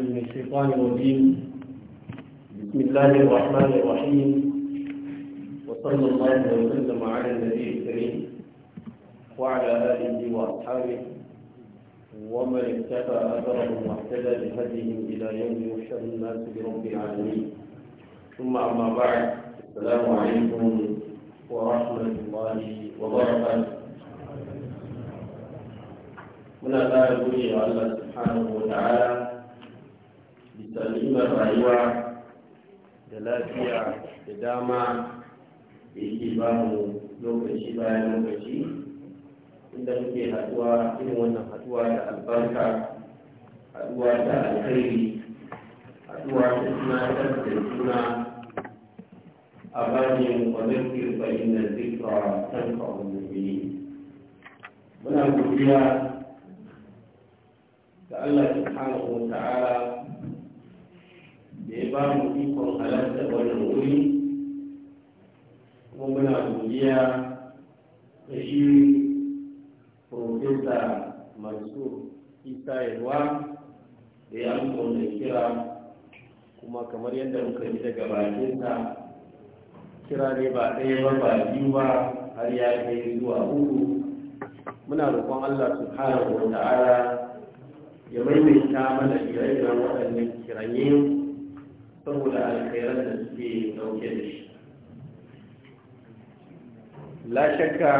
من الشيطان الرجيم بسم الله الرحمن الرحيم وصلى الله وسلم على النبي الكريم وعلى آله وأصحابه ومن اكتفى أثرهم واهتدى بهديهم إلى يوم يحشر الناس برب العالمين ثم أما بعد السلام عليكم ورحمة الله وبركاته من الله gode الله سبحانه وتعالى bisa ni'imar rayuwa da lafiya da dama da yake ba mu lokaci bayan lokaci inda muke haduwa irin wannan haduwa da albarka haduwa da alkhairi haduwa da suna da juna a bajin wazirkir bayin da zikra kan kawon mummuni muna godiya ga Allah subhanahu wa ta'ala ba ikon halarta wannan wuri kuma muna godiya da shi profesa masu isa da ya amfani kira kuma kamar yadda muka ji daga bakinsa kira ne ba ɗaya ba ba biyu ba har ya kai zuwa uku muna roƙon Allah subhanahu wa ta'ala ya maimaita mana ire-iren waɗannan kiraye saboda alkhairar da suke dauke da shi la shakka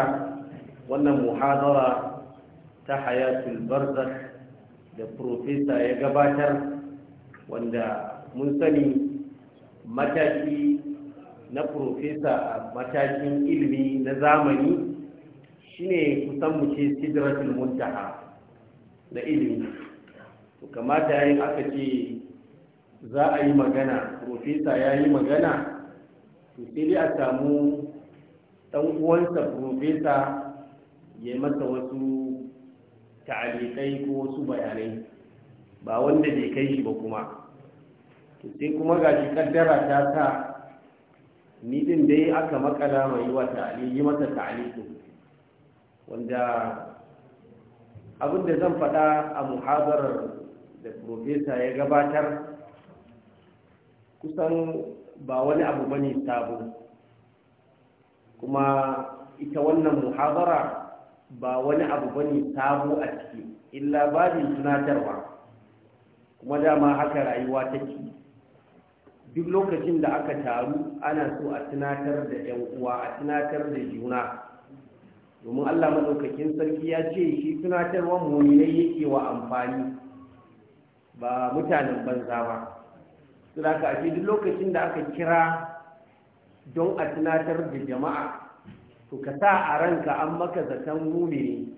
wannan muhadara ta hayatul barzakh da profesa ya gabatar wanda mun sani mataki na profesa a matakin ilimi na zamani shine kusan mu ce sidratul muntaha na ilimi to kamata yayin aka ce za a yi magana profesa ya yi magana to sai dai a samu ɗan uwansa profesa ya masa wasu ta'alikai ko wasu bayanai ba wanda bai kai shi ba kuma to sai kuma ga shi kaddara ta sa ni din dai aka makala mai wa ta'ali yi masa ta'aliku wanda abin da zan faɗa a muhabarar da profesa ya gabatar kusan ba wani abu bane sabo kuma ita wannan muhabara ba wani abu bane sabo a ciki illa babin tunatarwa kuma dama haka rayuwa take duk lokacin da aka taru ana so a tunatar da yan uwa a tunatar da juna domin Allah madaukakin sarki ya ce shi tunatarwar ne yake wa amfani ba mutanen banza ba su a lokacin da aka kira don a tunatar da jama'a to ka sa a ranka an maka zaton mumini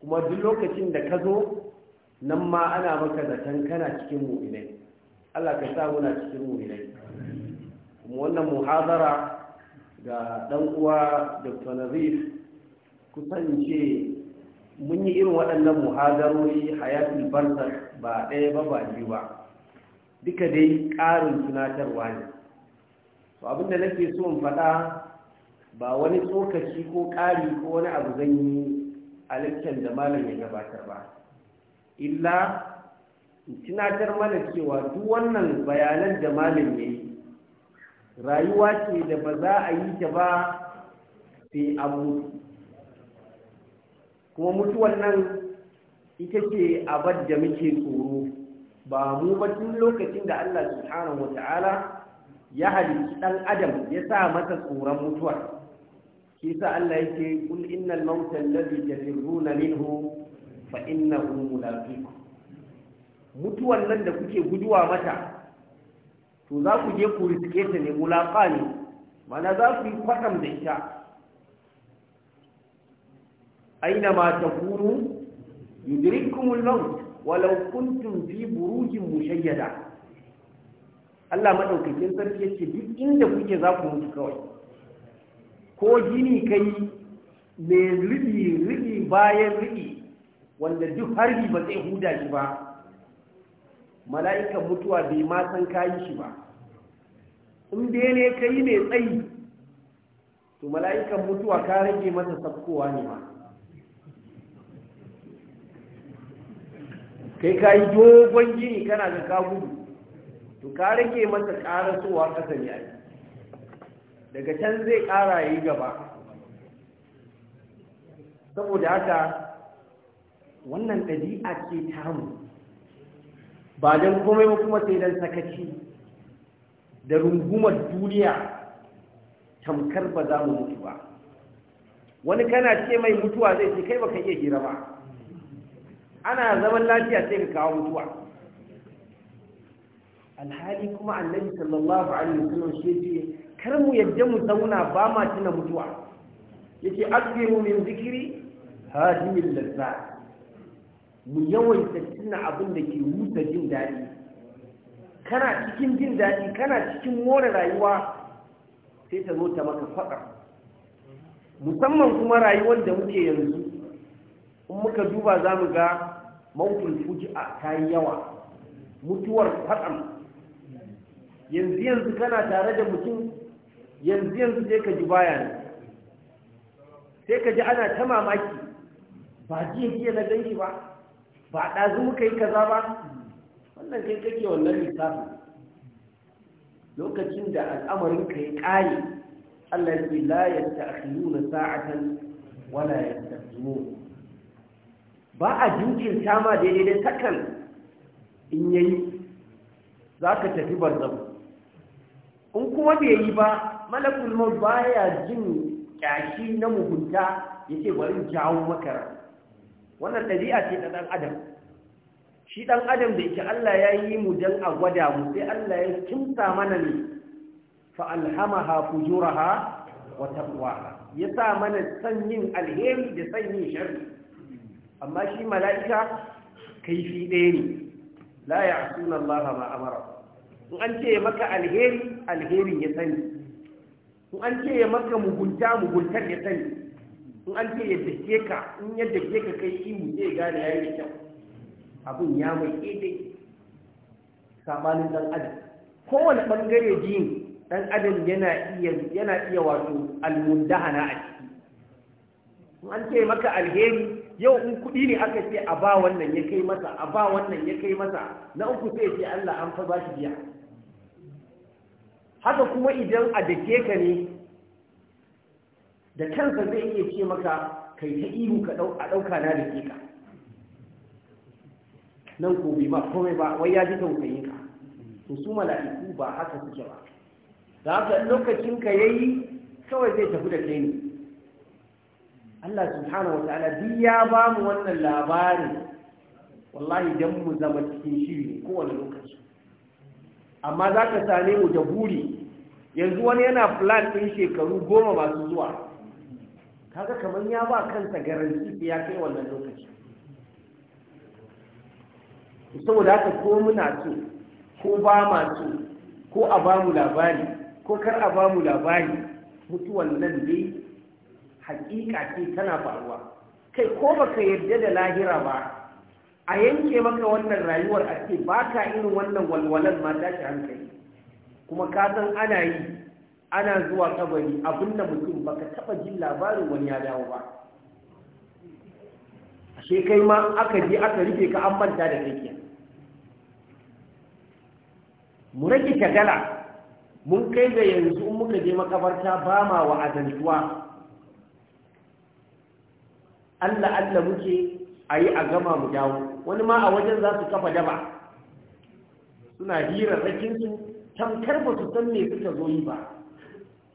kuma duk lokacin da ka zo nan ma ana maka zaton kana cikin muminai Allah ka sa muna cikin muminai kuma wannan muhazara ga dan uwa Dr. Nazif kusan ce mun yi irin waɗannan muhazarori hayatul barzakh ba ɗaya ba ba biyu ba duka dai ƙarin tunatarwa ne to abinda nake so in faɗa ba wani tsokaci ko ƙari ko wani abu zan yi a lakcin da malam ya gabatar ba illa tunatar mana cewa duk wannan bayanan da malam ya yi rayuwa ce da ba za a yi ta ba sai a mutu kuma mutuwan nan ita ce abad da muke tsoro ba mu ba tun lokacin da Allah subhanahu wata'ala ya halitta dan adam ya sa masa tsoron mutuwa shi sa Allah yake kul innal mauta alladhi tafirruna minhu fa innahu mulaqikum mutuwan nan da kuke guduwa mata to za ku je ku riske ta ne mulaqa ne mana za ku yi kwatam da ita aina ma takunu yudrikumul maut walau kuntum fi burujin mushayyada Allah madaukakin sarki yace duk inda kuke za ku mutu kawai ko gini kai mai ridi ridi bayan riɗi, wanda duk harbi ba zai huda shi ba mala'ikan mutuwa bai ma san kayi shi ba in dai ne kai mai tsayi to mala'ikan mutuwa ka rage masa sabkowa ne ma kai ka yi dogon gini kana da ka gudu to ka rage masa karasowa ƙasa ne a daga can zai ƙara yi gaba saboda haka wannan ɗabi'a ce tamu ba don komai ba kuma sai don sakaci da rungumar duniya tamkar ba za mu mutu ba wani kana ce mai mutuwa zai ce kai ba ka iya hira ba ana zaman lafiya sai ka kawo mutuwa alhali kuma annabi sallallahu alaihi wasallam shi yake kar mu yadda mu zauna ba ma tuna mutuwa yake akbiru min zikiri hadimil lazzat mu yawaita tuna abin da ke wuta jin daɗi kana cikin jin daɗi kana cikin more rayuwa sai ta zo ta maka faɗa musamman kuma rayuwar da muke yanzu in muka duba za mu ga mautul fuji'a ta yi yawa mutuwar faɗan yanzu yanzu kana tare da mutum yanzu yanzu sai ka ji baya ne sai ka ji ana ta mamaki ba jiya jiya na ganshi ba ba ɗazu muka yi kaza ba wannan kai kake wannan lissafin lokacin da al'amarin ka ya ƙari Allah ya ce la yasta'khiruna sa'atan wala yastaqdimun ba a jinkirta ma daidai da takan in yayi za ka tafi barzan in kuma bai yi ba malakul maut ba ya jin kyashi na mugunta ya ce bari jawo makara wannan ɗabi'a ce ta ɗan adam shi ɗan adam da yake Allah ya yi mu don a gwada mu sai Allah ya kimsa mana ne fa alhamaha fujuraha wa taqwaha ya sa mana san yin alheri da san yin sharri amma shi mala'ika kaifi ɗaya ne la ya asuna Allah ma amara in an ce ya maka alheri alherin ya sani in an ce ya maka mugunta mugunta ya sani in an ce ya dake ka in ya dake ka kai mu zai gane yayi da kyau abin ya mai daidai sabanin dan adam kowane bangare jin dan adam yana iya yana iya wato almundahana a ciki in an ce maka alheri yau in kuɗi ne aka ce a ba wannan ya kai masa a ba wannan ya kai masa na uku sai ce Allah an fa ba shi biya haka kuma idan a dake ka ne da kansa zai iya ce maka kai ta ihu ka a dauka na dake ka nan ko bi ba komai ba wai ya ji tausayin ka to su mala'iku ba haka suke ba da haka lokacin ka yayi kawai zai tafi da kai ne Allah subhanahu wa ta'ala duk ya ba mu wannan labarin wallahi dan mu zama cikin shiri kowane lokaci amma za ka same mu da buri yanzu wani yana plan ɗin shekaru goma masu zuwa kaga kamar ya ba kansa garanti ya kai wannan lokaci saboda haka ko muna so ko ba ma so ko a ba mu labari ko kar a ba mu labari mutuwan nan dai hakika ce tana faruwa kai ko baka yarda da lahira ba a yanke maka wannan rayuwar a ce ba ka irin wannan walwalar ma tashi hankali kuma ka san ana yi ana zuwa kabari abin mutum baka taba jin labarin wani ya dawo ba ashe kai ma aka je aka rufe ka an manta da kai mu rage shagala mun kai ga yanzu in muka je makabarta ba ma wa'azantuwa Allah Allah muke a yi a gama mu dawo wani ma a wajen za su kafa daba suna hirar rakinsu tamkar ba su san me suka zo yi ba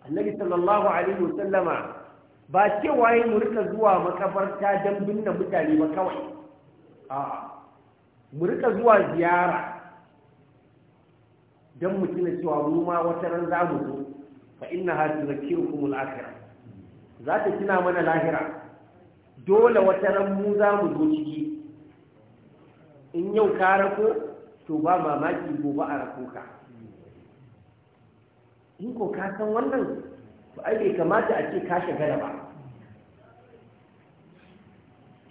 annabi sallallahu alaihi wasallama ba cewa yi mu rika zuwa makabarta don binne mutane ba kawai a mu rika zuwa ziyara don mu tuna cewa mu ma wata ran za mu zo fa inna ha tuzakirukum al-akhirah za ta tuna mana lahira dole wata ran mu za mu zo ciki in yau ka rako to ba mamaki gobe a rako ka in ko ka san wannan ba ai bai kamata a ce ka shagala ba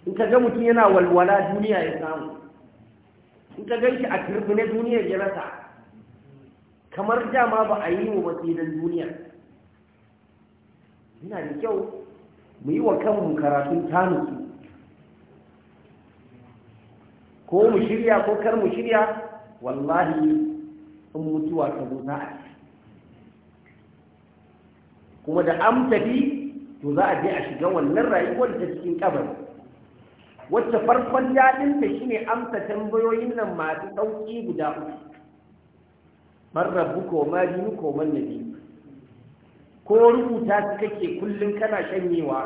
in ka ga mutum yana walwala duniya ya samu in ka gan a a ne duniyar ya rasa kamar dama ba a yi wa wasu duniya yana da kyau mu yi wa kanmu karatun tanusu ko mu shirya ko kar mu shirya wallahi in mutuwa ta zo za a kuma da an tafi to za a je a shiga wannan rayuwar ta cikin kabar wacce farkon daɗinta shine amsa tambayoyin nan masu ɗauki guda uku man rabbuka wa ma dinuka ko rubuta su kake kullum kana shanyewa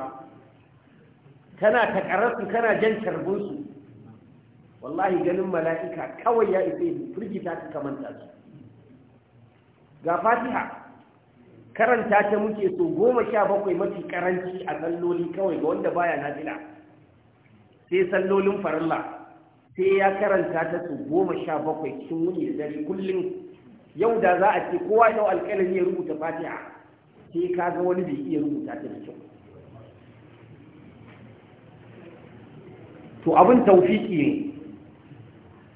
kana takararsu kana jan carbinsu wallahi ganin mala'ika kawai ya isa firgita ka kamanta su ga fatiha karanta ta muke so goma sha bakwai mafi karanci a salloli kawai ga wanda baya jina sai sallolin farilla sai ya karanta ta su goma sha bakwai cikin wuni da dare kullum yau da za a ce kowa yau alƙalami ya rubuta fatiha sai ka ga wani bai iya rubuta ta da kyau to abin taufiki ne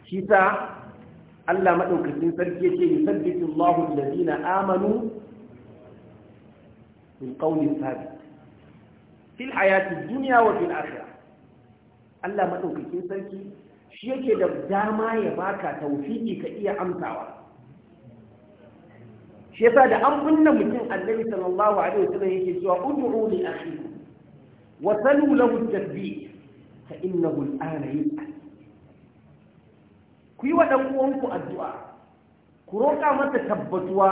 shi ta Allah maɗaukacin sarki ya ce yusabbitu Allahu allazina amanu bil qawli thabit fil hayati dunya wa fil akhirah Allah maɗaukacin sarki shi yake da dama ya baka taufiki ka iya amsawa shi yasa da an binne mutum annabi sallallahu alaihi wasallam yake cewa ud'u li akhi wa salu lahu at fa innahu al-ana ku yi wa dan uwanku addu'a ku roƙa masa tabbatuwa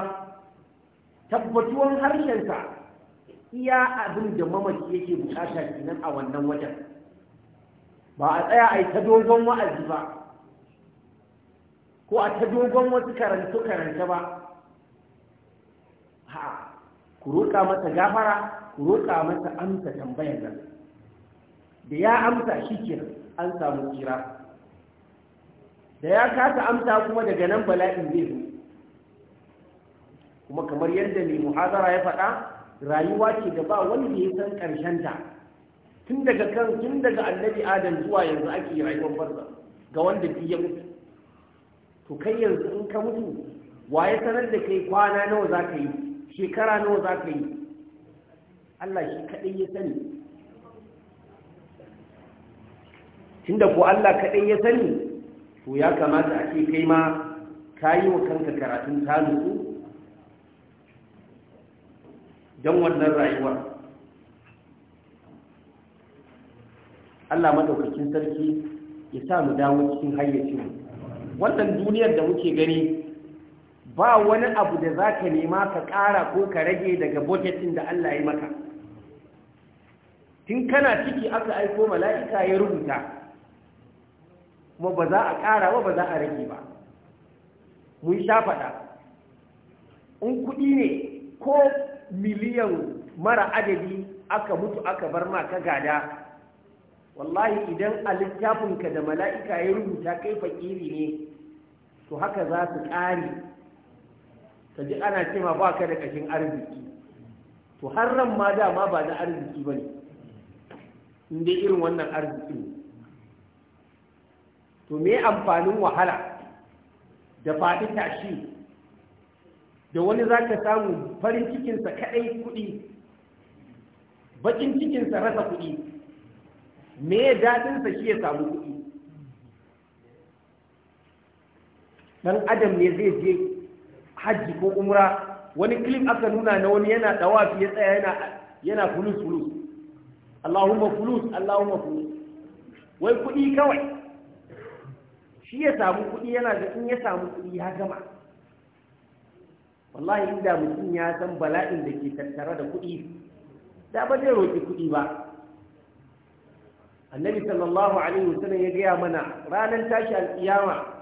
tabbatuwan harshensa iya abin da mamaci yake bukata kenan a wannan wajen ba a tsaya a yi ta dogon wa'azi ba ko a ta dogon wasu karanta ba a'a ku roƙa masa gafara ku roƙa masa amsa tambayar nan da ya amsa shi ke an samu tsira da ya kasa amsa kuma daga nan bala'in zai zo kuma kamar yadda mai muhazara ya faɗa rayuwa ce da ba wanda ya san ƙarshenta tun daga kan tun daga annabi adam zuwa yanzu ake rayuwar farza ga wanda fi mutu to kai yanzu in ka mutu wa ya sanar da kai kwana nawa za ka yi shekara nawa za ka yi Allah shi kaɗai ya sani tunda ko Allah kaɗai ya sani to ya kamata a ce kai ma ka yi wa kanka karatun taluku don wannan rayuwa. Allah maɗaukakin sarki ya sa mu dawo cikin hayyacinmu wannan duniyar da muke gani ba wani abu da za ka nema ka ƙara ko ka rage daga boketin da Allah ya maka tun kana ciki aka aiko mala'ika ya rubuta kuma ba za a ƙara ba ba za a rage ba mun sha faɗa in kuɗi ne ko miliyan mara adadi aka mutu aka bar ma ka gada wallahi idan a littafinka da mala'ika ya rubuta kai fakiri ne to haka za su ƙari ka ana cewa ba ka da kashin arziki to har ran ma dama ba na arziki ba ne inda irin wannan arziki ne to me amfanin wahala da faɗi tashi da wani za ka samu farin cikinsa kaɗai kuɗi bakin cikinsa rasa kuɗi me daɗinsa shi ya samu kuɗi ɗan adam ne zai je hajji ko umra wani clip aka nuna na wani yana dawafi ya tsaya yana yana fulus fulus Allahumma fulus Allahumma fulus wai kuɗi kawai shi ya samu kuɗi yana da in ya samu kuɗi ya gama wallahi inda mutum ya san bala'in da ke tattare da kuɗi da ba zai roki kuɗi ba annabi sallallahu alaihi wasallam ya gaya mana ranan tashi alƙiyama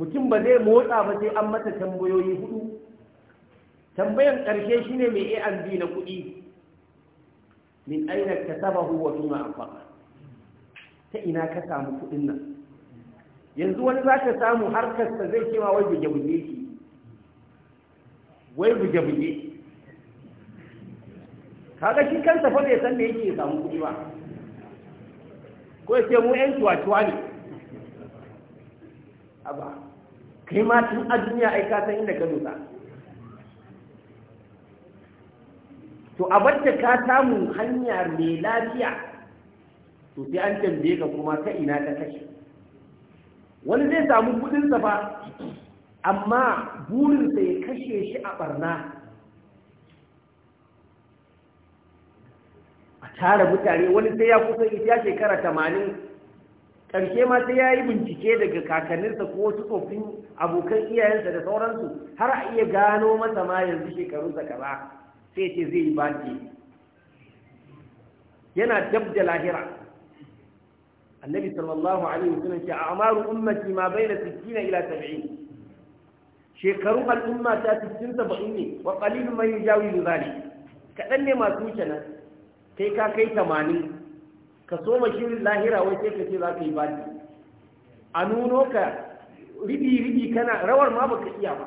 mutum ba zai motsa ba sai an mata tambayoyi hudu tambayan ƙarshe shine mai a and na kuɗi min aina kasabahu wa fima anfaqa ta ina ka samu kuɗin nan yanzu wani za ka samu harkar ta zai cewa wai buge-buge shi wai buge-buge kaga shi kansa fa bai san me yake samu kuɗi ba ko ya ce mu 'yan tuwa tuwa ne haba kai ma tun a duniya ai ka san inda ka nusa. to a barta ka samu hanya mai lafiya to sai an tambaye ka kuma ka ina ka kashe wani zai samu sa ba amma burinsa ya kashe shi a barna a tara mutane wani sai ya kusa ita shekara tamanin ƙarshe ma sai ya yi bincike daga kakanninsa ko wasu tsofin abokan iyayensa da sauransu har a iya gano masa ma yanzu shekarunsa kaza sai ce zai yi baki yana dab da lahira annabi sallallahu alaihi wasallam ce a'maru ummati ma baina 60 ila 70 shekaru al'umma ta 60 70 ne wa qalilun man yujawizu zalik kadan ne masu wuce nan kai ka kai 80 ka so shirin lahira wai sai ka ce za ka yi bani a nuno ka ribi-ribi kana rawar ma baka iya ba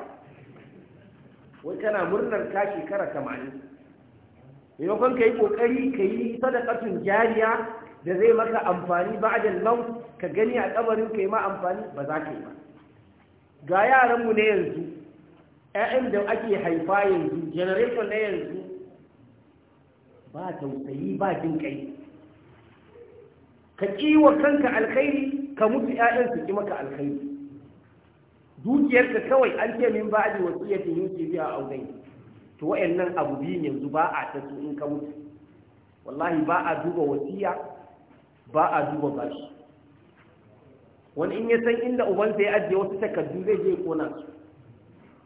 wai kana murnar ka shekara tamanin maimakon ka yi kokari ka yi sadakatun jariya da zai maka amfani ba a jallon ka gani a kabarin ka yi ma amfani ba za ka yi ba ga yaranmu na yanzu 'ya'yan da ake haifa yanzu generation na yanzu ba tausayi ba jin kai ka kiwa kanka alkhairi ka mutu ƴaƴan su ki maka alkhairi ka kawai an ce min ba'di wasiyati yusi biya a dai to wayannan abu biyun yanzu ba a ta su in ka mutu wallahi ba a duba wasiya ba a duba bashi wani in ya san inda ubansa ya ajiye wasu takardu zai je kona su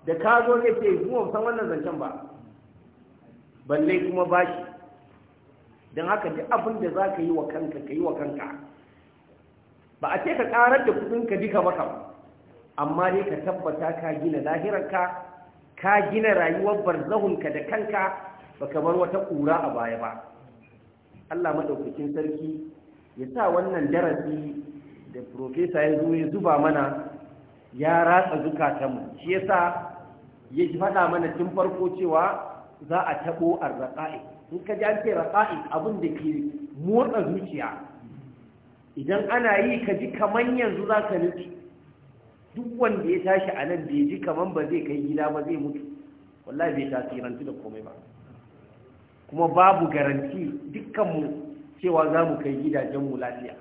da ka zo zai ce zuwa san wannan zancen ba balle kuma bashi don haka duk abin da za ka yi wa kanka ka yi wa kanka ba a ce ka karar da kudinka duka maka amma dai ka tabbata ka gina lahirarka ka gina rayuwar barzahunka da kanka ba kamar wata ƙura a baya ba allah maɗaukacin sarki ya sa wannan darasi da profesa ya zo ya zuba mana ya ratsa zukatanmu shi ya sa ya faɗa mana tun farko cewa za a taɓo arzaƙa'i in ka ji an ce rasa'i abin da ke motsa zuciya idan ana yi ka ji kaman yanzu za ka nufi duk wanda ya tashi a nan bai ji kaman ba zai kai gida ba zai mutu wallahi bai tasirantu da komai ba kuma babu garanti dukkanmu cewa za mu kai gidajenmu lafiya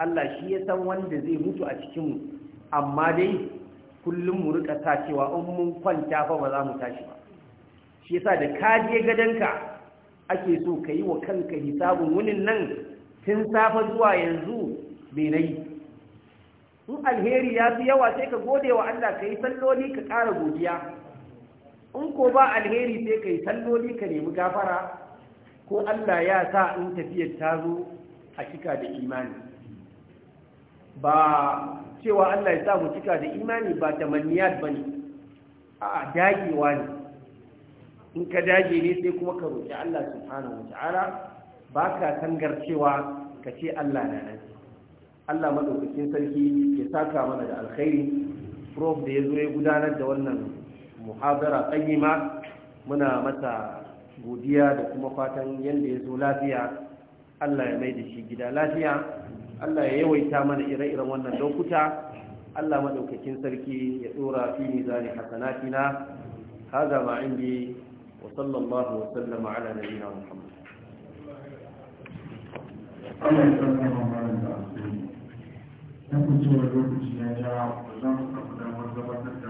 Allah shi ya san wanda zai mutu a cikinmu amma dai kullum mu rika sa cewa in mun kwanta fa ba za mu tashi ba shi yasa da kaje je gadanka ake so ka yi wa kanka hisabun wunin nan tun safa zuwa yanzu mai na alheri ya fi yawa sai ka gode wa Allah ka yi salloli ka ƙara godiya in ko ba alheri sai ka yi salloli ka nemi gafara ko Allah ya sa in tafiyar ta zo a cika da imani ba cewa Allah ya sa mu cika da imani ba ba ne a dagewa ne in ka dage ne sai kuma ka roƙi Allah subhanahu wata'ala ba ka tangar cewa ka ce Allah na nan Allah maɗaukakin sarki ya saka mana da alkhairi prof da ya zo ya gudanar da wannan muhabara tsayima muna masa godiya da kuma fatan yadda ya zo lafiya Allah ya mai da shi gida lafiya Allah ya yawaita mana ire-iren wannan lokuta Allah maɗaukakin sarki ya ɗora fi mizani hasanatina هذا ما عندي وصلى الله وسلم على نبينا محمد Allah ya tsarkar wa marar da asiri, zan